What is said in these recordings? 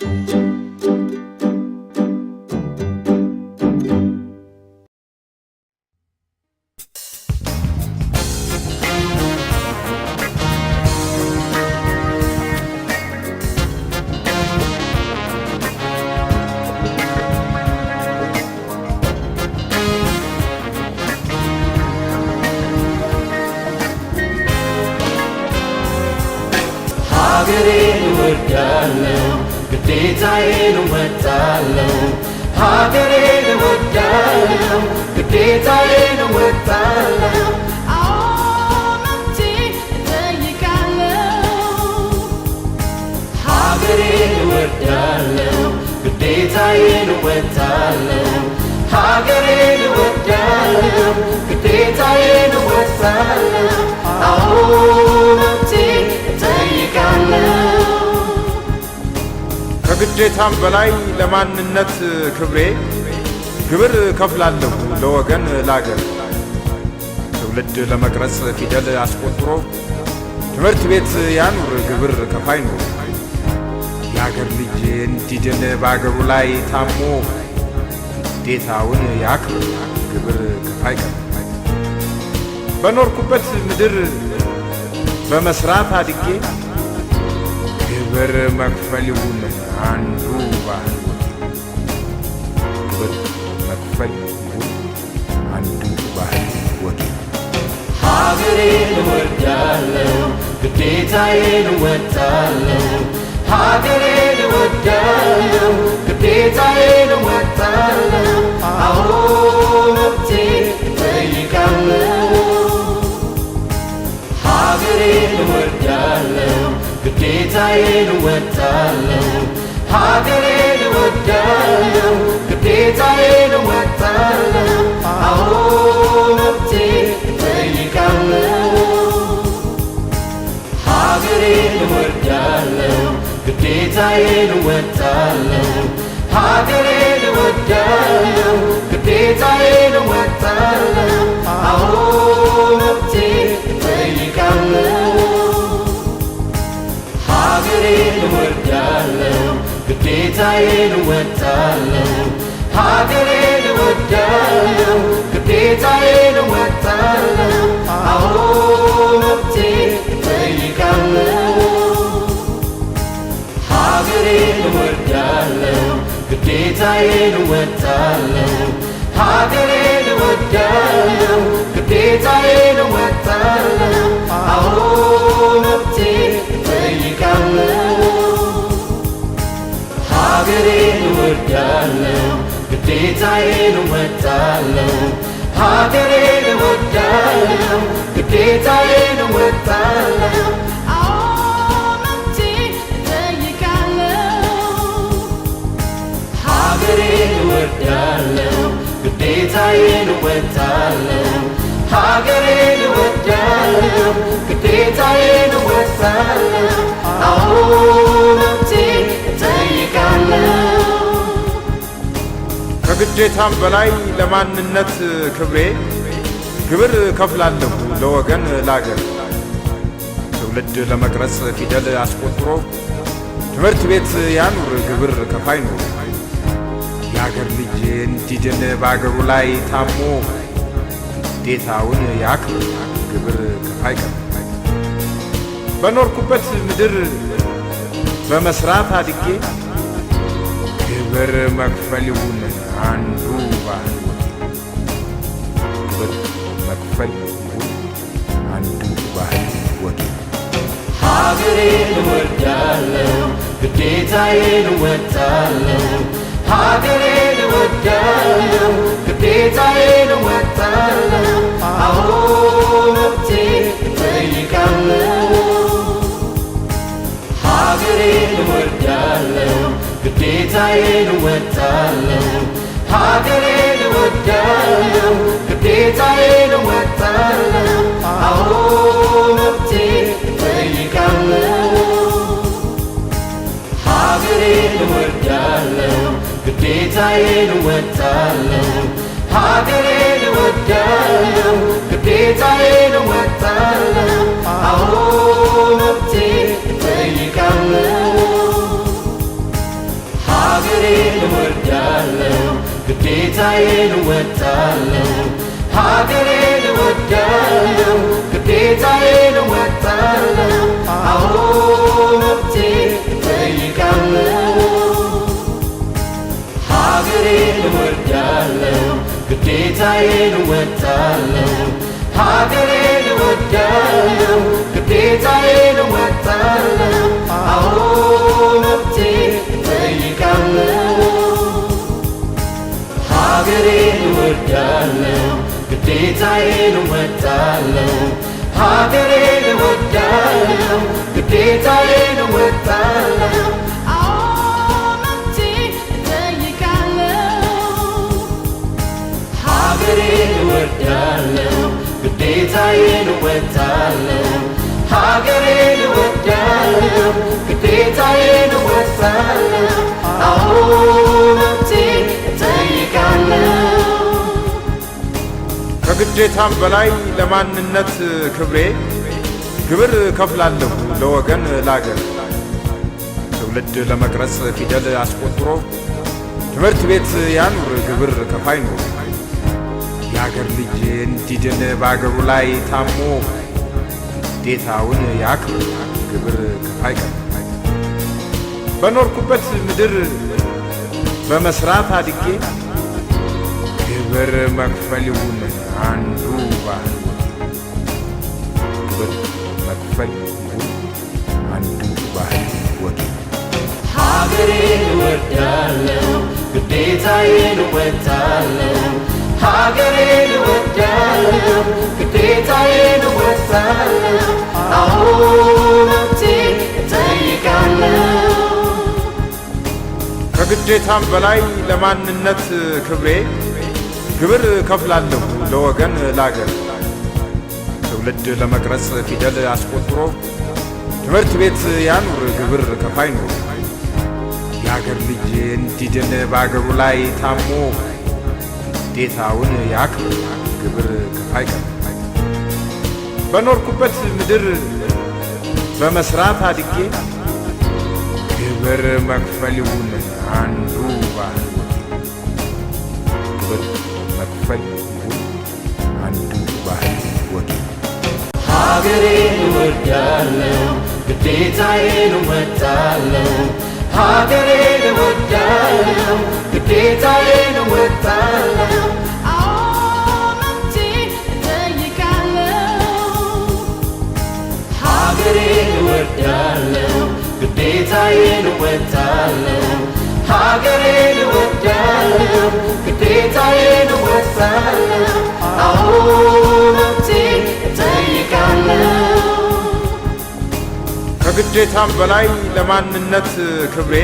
Thank you. ከግዴታም በላይ ለማንነት ክብሬ ግብር ከፍላለሁ ለወገን ላገር ትውልድ ለመቅረጽ ፊደል አስቆጥሮ ትምህርት ቤት ያኑር ግብር ከፋይ ኑር የአገር ልጅ እንዲድን በአገሩ ላይ ታሞ ግዴታውን ያክብር፣ ግብር ከፋይ በኖርኩበት ምድር በመስራት አድጌ ግብር መክፈል ይሁን አንዱ ባህል ግብር መክፈል ይሁን አንዱ ባህል ሀገሬን እወዳለሁ ግዴታዬን እወጣለሁ ሀገሬን እወዳለሁ ግዴታዬን እወጣለሁ አዎ መብቴ እጠይቃለሁ ሀገሬን እወዳለሁ ግዴታዬን እወጣለሁ ሀገሬን እወዳለሁ ግዴታዬን እወጣለሁ አዎ መብቴ እጠይቃለሁ ሀገሬን ግዴታዬን እወጣለሁ፣ ሀገሬን እወዳለሁ፣ ግዴታዬን እወጣለሁ። አዎ መብቴ እጠይቃለሁ፣ ሀገሬን እወዳለሁ፣ ግዴታዬን እወጣለሁ፣ ሀገሬን እወዳለሁ፣ ግዴታዬን እወጣለሁ። አዎ መብቴ እጠይቃለሁ ሀገሬን እወዳለሁ፣ ግዴታዬን እወጣለሁ። ሀገሬን እወዳለሁ፣ ግዴታዬን እወጣለሁ። አዎ መብቴ እጠይቃለሁ። ሀገሬን እወዳለሁ፣ ግዴታዬን እወጣለሁ። ሀገሬን እወዳለሁ፣ ግዴታዬን እወጣለሁ። እወዳለሁ፣ ግዴታዬን ሀገሬን እወዳለሁ፣ ግዴታዬን አዎ እጠይቃለሁ። ከግዴታም በላይ ለማንነት ክብሬ ግብር ከፍላለሁ ለወገን ላገር ትውልድ ለመቅረጽ ፊደል አስቆጥሮ ትምህርት ቤት ያኑር ግብር ከፋይ ኖር የአገር ልጅ እንዲድን በአገሩ ላይ ታሞ ግዴታውን ያክብር ግብር ከፋይ ቀር በኖርኩበት ምድር በመስራት አድጌ ግብር መክፈል ይሁን አንዱ ባህል ግብር መክፈል ይሁን አንዱ ባህል ወጌ ሀገሬን እወዳለሁ ግዴታዬን እወጣለሁ ሀገሬን እወዳለሁ፣ ግዴታዬን እወጣለሁ። አዎ መብቴ እጠይቃለሁ። ሀገሬን እወዳለሁ፣ ግዴታዬን እወጣለሁ። ሀገሬን እወዳለሁ፣ ግዴታዬን እወጣለሁ። አዎ መብቴ እጠይቃለሁ። ሀገሬን እወዳለሁ ጌታዬን እወጣለሁ፣ ሀገሬን እወዳለሁ፣ ግዴታዬን እወጣለሁ። አዎ መብቴ እጠይቃለሁ፣ ሀገሬን እወዳለሁ፣ ግዴታዬን እወጣለሁ፣ ሀገሬን እወዳለሁ፣ ግዴታዬን እወጣለሁ። አዎ ግዴታዬን እወጣለሁ፣ ሀገሬን እወዳለሁ፣ ግዴታዬን እወጣለሁ። አዎ መብቴ እጠይቃለሁ፣ ሀገሬን እወዳለሁ፣ ግዴታዬን እወጣለሁ፣ ሀገሬን እወዳለሁ፣ ግዴታዬን እወጣለሁ ሀገሬን ግዴታዬን ሀገሬን ግዴታዬን አዎ ከግዴታም በላይ ለማንነት ክብሬ ግብር ከፍላለሁ ለወገን ላገር ትውልድ ለመቅረጽ ፊደል አስቆጥሮ ትምህርት ቤት ያኑር ግብር ከፋይ ነው። የአገር ልጅ እንዲድን በአገሩ ላይ ታሞ ግዴታውን ያክብር ግብር ከፋይ በኖርኩበት ምድር በመስራት አድጌ ግብር መክፈል ይሁን አንዱ ባህል ግብር መክፈል ይሁን አንዱ ባህል ወግ ሀገሬን እወዳለሁ ግዴታዬን እወጣለሁ ሀገሬን ግዴታዬን እጠይቃለሁ። ከግዴታም በላይ ለማንነት ክብሬ ግብር ከፍላለሁ ለወገን ላገር ትውልድ ለመቅረጽ ፊደል አስቆጥሮ ትምህርት ቤት ያኑር ግብር ከፋይ ኖር የአገር ልጅ እንዲድን በአገሩ ላይ ታሞ ጌታውን ያክብር ግብር ከፋይ ከፋይ በኖርኩበት ምድር በመስራት አድጌ ግብር መክፈል ይሁን አንዱ ባህል ግብር መክፈል ይሁን አንዱ ባህል ሀገሬን እወዳለሁ ግዴታዬን እወጣለሁ ሀገሬን እወዳለሁ ግዴታዬን እወጣለሁ አመምቼ እጠይቃለሁ ሀገሬን እወዳለሁ ግዴታዬን እወጣለሁ ሀገሬን እወዳለሁ ግዴታዬን እወጣለሁ አዎ መምቼ እጠይቃለሁ ከግዴታም በላይ ለማንነት ክብሬ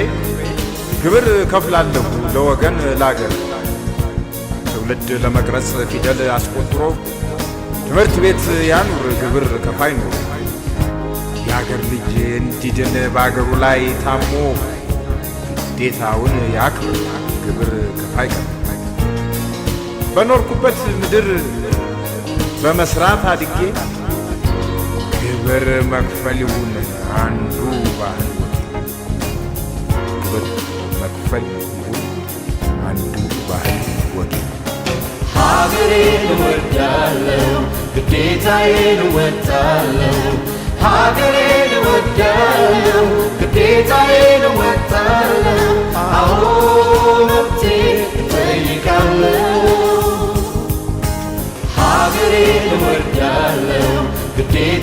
ግብር ከፍላለሁ ለወገን ላገር ትውልድ ለመቅረጽ ፊደል አስቆጥሮ ትምህርት ቤት ያኑር ግብር ከፋይ ኑሮ የአገር ልጅ እንዲድን በአገሩ ላይ ታሞ ግዴታውን ያክብር ግብር ከፋይ በኖርኩበት ምድር በመስራት አድጌ ብር መክፈል ይሁን አንዱ ባህል ብር መክፈል ይሁን አንዱ ባህል ወግ ሀገሬን እወዳለሁ ግዴታዬን እወጣለሁ ሀገሬን እወዳለሁ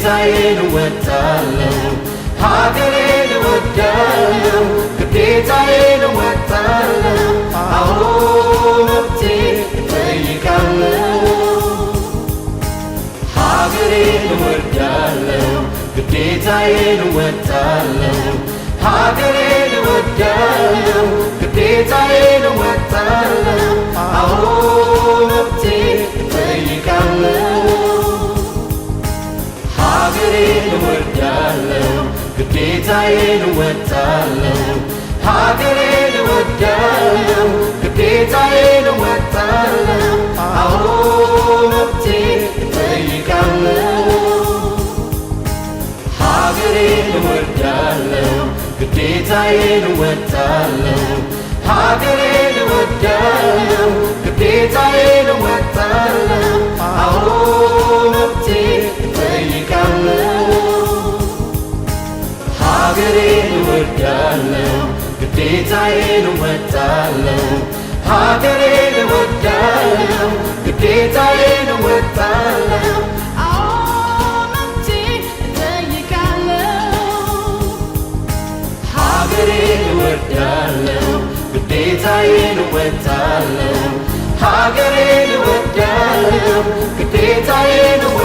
ጌታዬን እወጣለሁ፣ ሀገሬን እወዳለሁ፣ ግዴታዬን እወጣለሁ፣ አዎ መብቴ እጠይቃለሁ። ሀገሬን እወዳለሁ፣ ግዴታዬን እወጣለሁ፣ ሀገሬን እወዳለሁ፣ ግዴታዬን እወጣለሁ፣ አዎ መብቴ እጠይቃለሁ። ሀገሬን እወዳለሁ፣ ግዴታዬን እወጣለሁ። ሀገሬን እወዳለሁ፣ ግዴታዬን እወጣለሁ። አዎ መብቴ እጠይቃለሁ። ሀገሬን እወዳለሁ፣ ግዴታዬን እወጣለሁ። ሀገሬን እወዳለሁ፣ ግዴታዬን እወጣለሁ። አዎ መብቴ እጠይቃለሁ ሀገሬን እወዳለሁ ግዴታዬን እወጣለሁ ሀገሬን እወዳለሁ ግዴታዬን እወጣለሁ ሀገሬን እወዳለሁ ግዴታዬን እወጣለሁ ሀገሬን እወዳለሁ ግዴታዬን እወ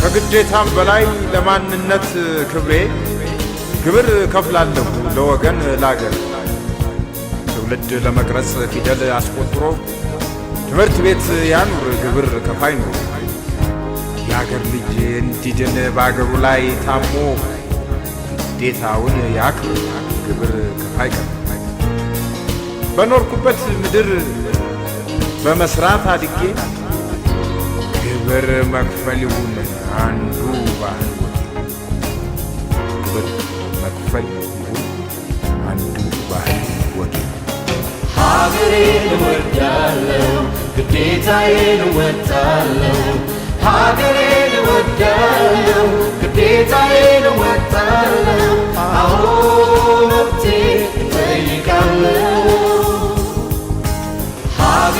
ከግዴታም በላይ ለማንነት ክብሬ ግብር ከፍላለሁ ለወገን ላገር ትውልድ ለመቅረጽ ፊደል አስቆጥሮ ትምህርት ቤት ያኑር ግብር ከፋይ ኑር የአገር ልጅ እንዲድን በአገሩ ላይ ታሞ ግዴታውን ያክብር ግብር ከፋይ ቀር በኖርኩበት ምድር በመስራት አድጌ ግብር መክፈል ይሁን አንዱ ባህል፣ ግብር መክፈል ይሁን አንዱ ባህል ሀገሬን እወዳለሁ፣ ግዴታዬን እወጣለሁ። ሀገሬን እወዳለሁ፣ ግዴታዬን እወጣለሁ። አዎ መብቴ እጠይቃለሁ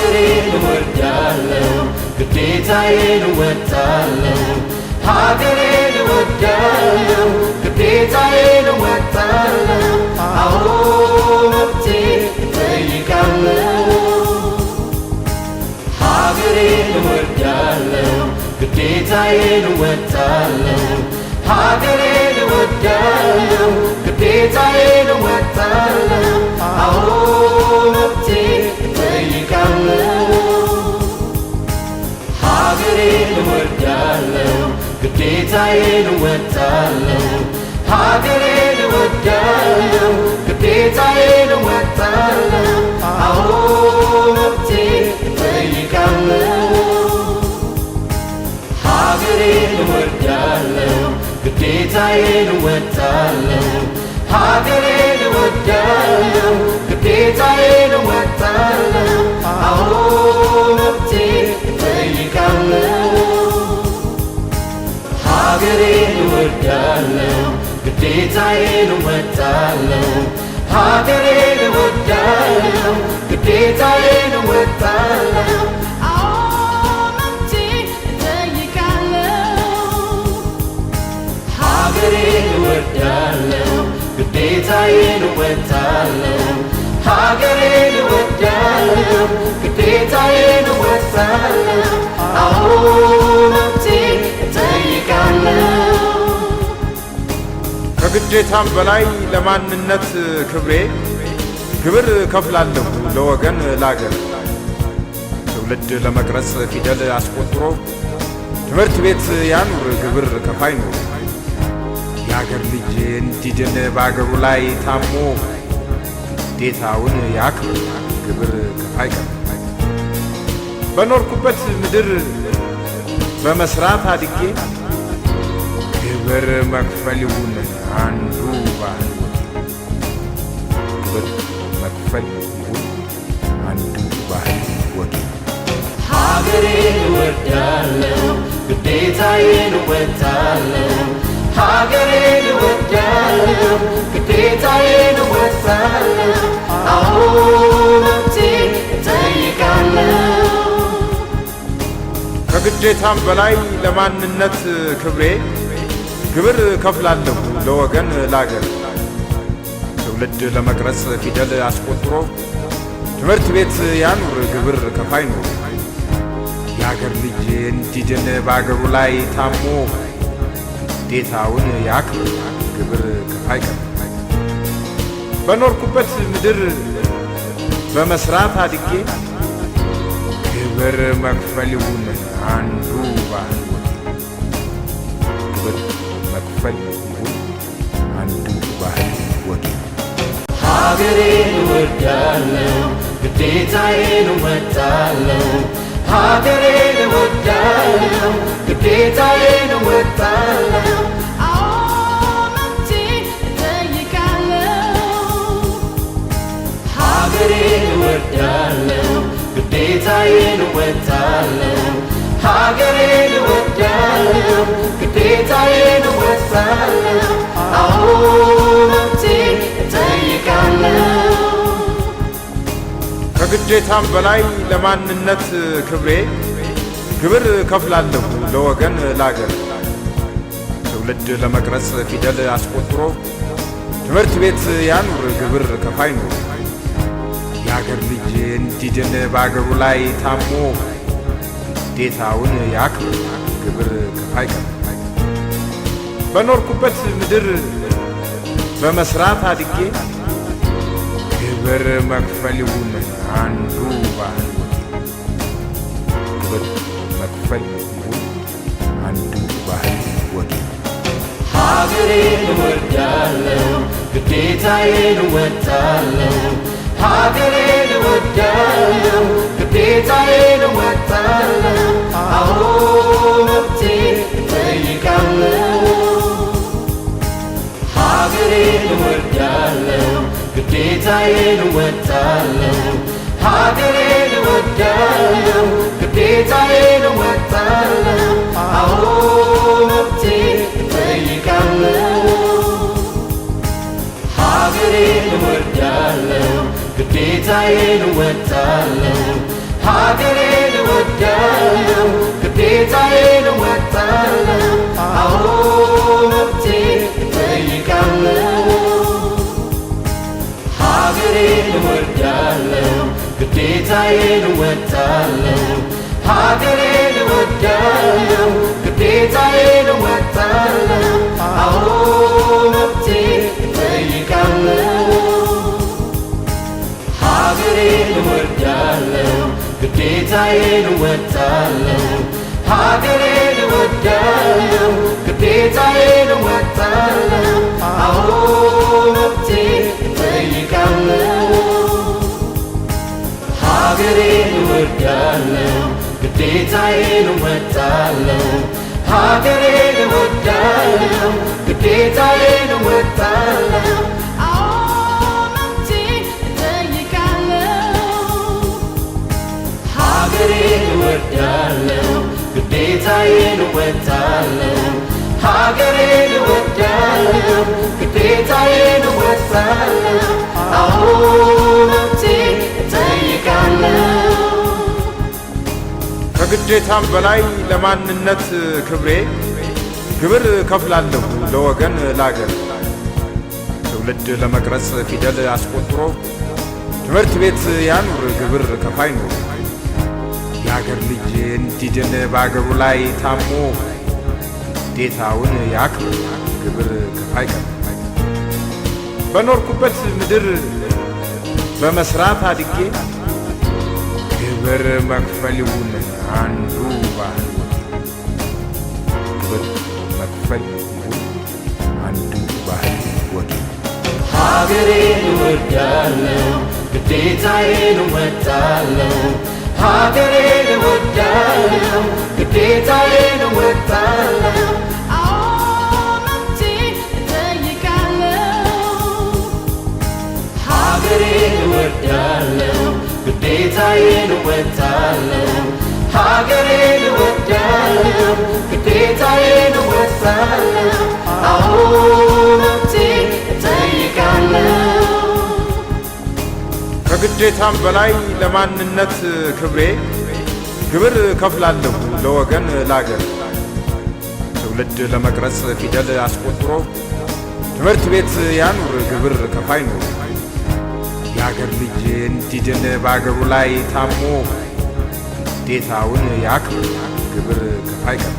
ሀገሬን እወዳለሁ ግዴታዬን እወጣለሁ ሀገሬን እወዳለሁ ግዴታዬን እወጣለሁ አዎ መብቴ እጠይቃለሁ ሀገሬን እወዳለሁ ግዴታዬን እወጣለሁ ሀገሬን እወዳለሁ ግዴታዬን እወጣለሁ አዎ መብቴ ጠይቃለው ሀገሬን እወዳለው ግዴታዬን እወጣለው ሀገሬን እወዳለው ግዴታዬን እወጣለው አዎ መብቴ እጠይቃለው ሀገሬን እወዳለው ግዴታዬን እወጣለው ሀገሬን እወዳለሁ፣ ግዴታዬን እወጣለሁ፣ አዎ መብቴን እጠይቃለሁ። ሀገሬን እወዳለሁ፣ ግዴታዬን እወጣለሁ፣ ሀገሬን እወዳለሁ፣ ግዴታዬን እወጣለሁ ጌታዬን እወጣለሁ፣ ሀገሬን እወዳለሁ፣ ግዴታዬን እወጣለሁ። አዎ መብቴን እጠይቃለሁ። ከግዴታም በላይ ለማንነት ክብሬ ግብር ከፍላለሁ ለወገን ላገር ትውልድ ለመቅረጽ ፊደል አስቆጥሮ ትምህርት ቤት ያኑር ግብር ከፋይ ኑር የአገር ልጅ እንዲድን በአገሩ ላይ ታሞ ግዴታውን ያክብር ግብር ከፋይ ቀር በኖርኩበት ምድር በመስራት አድጌ ግብር መክፈል ይሁን አንዱ ባህል ግብር መክፈል ይሁን አንዱ ባህል ወጌ ሀገሬን እወዳለሁ ግዴታዬን እወጣለሁ ከግዴታም በላይ ለማንነት ክብሬ ግብር ከፍላለሁ ለወገን ላገር ትውልድ ለመቅረጽ ፊደል አስቆጥሮ ትምህርት ቤት ያኑር ግብር ከፋይ ኖር የአገር ልጅ እንዲድን በአገሩ ላይ ታሞ ግዴታውን ያክብር፣ ግብር ከፋይ ከፋይ በኖርኩበት ምድር በመስራት አድጌ ግብር መክፈል ይሁን አንዱ ባህል ግብር መክፈል ይሁን አንዱ ባህል ወግ ሀገሬን ወዳለው ግዴታዬን ወጣለው ሀገሬን እወዳለሁ፣ ግዴታዬን እጠይቃለሁ። ከግዴታም በላይ ለማንነት ክብሬ ግብር ከፍላለሁ ለወገን ላገር ትውልድ ለመቅረጽ ፊደል አስቆጥሮ ትምህርት ቤት ያኑር ግብር ከፋይ ኑር የአገር ልጅ እንዲድን በአገሩ ላይ ታሞ ግዴታውን ያክብር ግብር ከፋይ ከፋይ በኖርኩበት ምድር በመስራት አድጌ ግብር መክፈል ይሁን አንዱ ባህል ግብር መክፈል ይሁን አንዱ ባህል ወጌ ሀገሬን እወዳለሁ ግዴታዬን እወጣለሁ ሀገሬን እወዳለሁ፣ ግዴታዬን እወጣለሁ፣ አዎ መብቴን እጠይቃለሁ። ሀገሬን እወዳለሁ፣ ግዴታዬን እወጣለሁ፣ ሀገሬን እወዳለሁ፣ ግዴታዬን እወጣለሁ፣ አዎ መብቴን እጠይቃለሁ። ሀገሬን እወዳለሁ ግዴታዬን እወጣለሁ፣ ሀገሬን እወዳለሁ፣ ግዴታዬን እወጣለሁ። አዎ መብቴ እጠይቃለሁ፣ ሀገሬን እወዳለሁ፣ ግዴታዬን እወጣለሁ፣ ሀገሬን እወዳለሁ፣ ግዴታዬን እወጣለሁ። አዎ መብቴ እጠይቃለሁ ጌታዬን እወዳለሁ፣ ግዴታዬን እወጣለሁ። ሀገሬን እወዳለሁ፣ ግዴታዬን እወጣለሁ። አዎ መብቴ እጠይቃለሁ። ሀገሬን እወዳለሁ፣ ግዴታዬን እወጣለሁ። ሀገሬን እወዳለሁ፣ ግዴታዬን እወጣለሁ ግዴታዬን ሀገሬን ግዴታዬን ከግዴታም በላይ ለማንነት ክብሬ ግብር ከፍላለሁ ለወገን ላገር ትውልድ ለመቅረጽ ፊደል አስቆጥሮ ትምህርት ቤት ያኑር ግብር ከፋይ ኑር የአገር ልጅ እንዲድን በአገሩ ላይ ታሞ ግዴታውን ያክብር ግብር ከፋይ ቀር በኖርኩበት ምድር በመስራት አድጌ ግብር መክፈል ይሁን አንዱ ባህል ግብር መክፈል ይሁን አንዱ ባህል ወጌ ሀገሬን እወዳለሁ ግዴታዬን እወጣለሁ ሀገሬ ጌታዬን እወጣለሁ አመንቼ እጠይቃለሁ ሀገሬን እወዳለሁ ግዴታዬን እወጣለሁ ሀገሬን እወዳለሁ ከግዴታም በላይ ለማንነት ክብሬ ግብር ከፍላለሁ ለወገን ላገር ትውልድ ለመቅረጽ ፊደል አስቆጥሮ ትምህርት ቤት ያኑር ግብር ከፋይ ኖር የአገር ልጅ እንዲድን በአገሩ ላይ ታሞ ግዴታውን ያክብር ግብር ከፋይ ቀር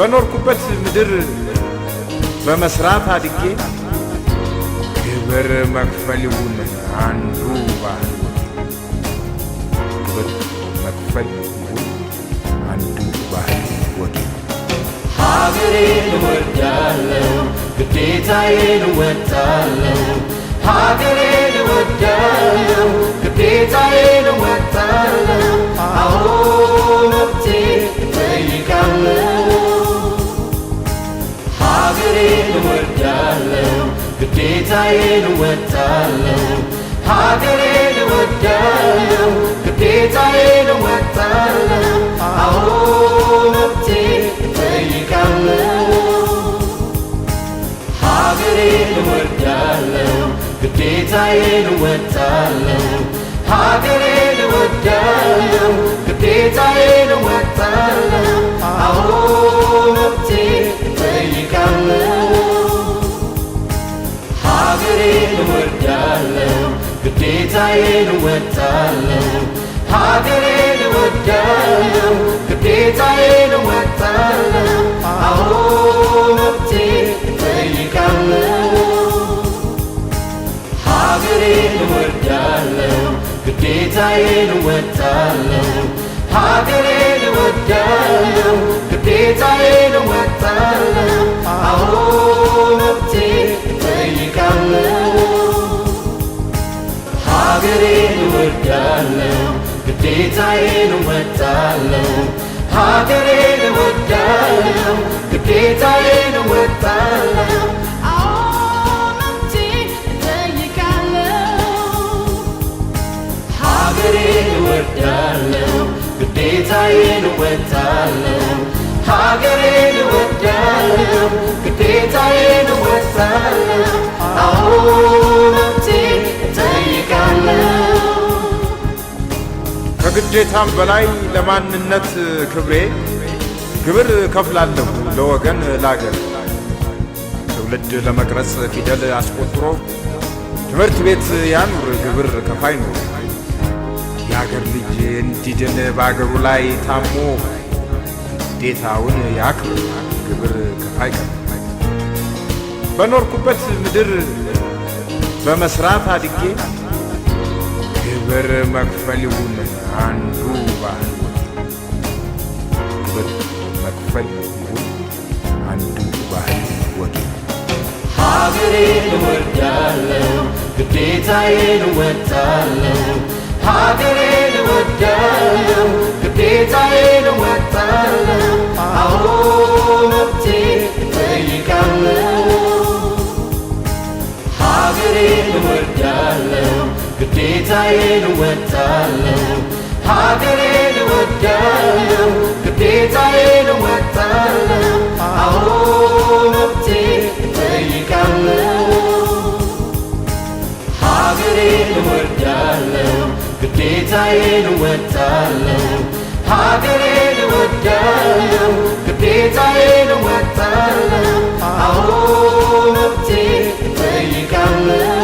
በኖርኩበት ምድር በመስራት አድጌ ግብር መክፈል ይሁን አንዱ ባህል መክፈል ይሁን አንዱ ባህል ወጌ ሀገሬን እወዳለሁ፣ ግዴታዬን እወጣለሁ። ሀገሬን እወዳለሁ፣ ግዴታዬን እወጣለሁ። አዎ መብቴ እጠይቃለሁ። ሀገሬን እወዳለሁ፣ ግዴታዬን እወጣለሁ። ሀገሬን እወዳለሁ ሀገሬን እወዳለሁ ሀገሬን እወዳለሁ ግዴታዬን እወጣለሁ አዎ መብቴ እጠይቃለሁ ሀገሬን እወዳለሁ ግዴታዬን እወጣለሁ ሀገሬን እወዳለሁ ግዴታዬን እወጣለሁ አዎ መብቴ እጠይቃለሁ ጌታዬን እወዳለሁ፣ ግዴታዬን እወጣለሁ። ሀገሬን እወዳለሁ፣ ግዴታዬን እወጣለሁ። አዎ መብቴ እጠይቃለሁ። ሀገሬን እወዳለሁ፣ ግዴታዬን እወጣለሁ። ሀገሬን እወዳለሁ፣ ግዴታዬን እወጣለሁ። ሀገሬን ግዴታዬን ከግዴታም በላይ ለማንነት ክብሬ ግብር ከፍላለሁ ለወገን ላገር ትውልድ ለመቅረጽ ፊደል አስቆጥሮ ትምህርት ቤት ያኑር ግብር ከፋይ ኖር የአገር ልጅ እንዲድን በአገሩ ላይ ታሞ ግዴታውን ያክብር ግብር ከፋይ ቀር በኖርኩበት ምድር በመስራት አድጌ ግብር መክፈል ይሁን አንዱ ባህል ግብር መክፈል ይሁን አንዱ ባህል ወጌ ሀገሬን እወዳለሁ ግዴታዬን እወጣለሁ ጌታዬን እወጣለሁ፣ ሀገሬን እወዳለሁ፣ ግዴታዬን እወጣለሁ። አዎ መብቴ እጠይቃለሁ፣ ሀገሬን እወዳለሁ፣ ግዴታዬን እወጣለሁ፣ ሀገሬን እወዳለሁ፣ ግዴታዬን እወጣለሁ። አዎ መብቴ እጠይቃለሁ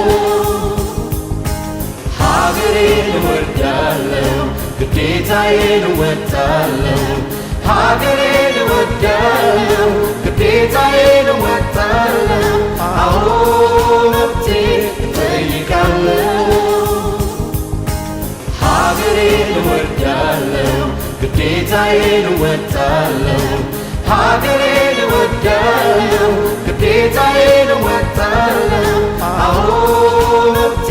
ሀገሬን እወዳለሁ፣ ግዴታዬን እወጣለሁ። ሀገሬን እወዳለሁ፣ ግዴታዬን እወጣለሁ። አዎ መብቴ እጠይቃለሁ። ሀገሬን እወዳለሁ፣ ግዴታዬን እወጣለሁ። ሀገሬ እወዳለሁ ግዴታዬን እወጣለሁ። አዎ መብቴ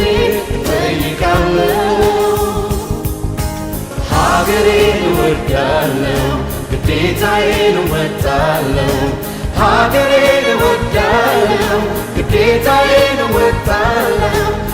ሀገሬን እወዳለሁ ግዴታዬን እወጣለሁ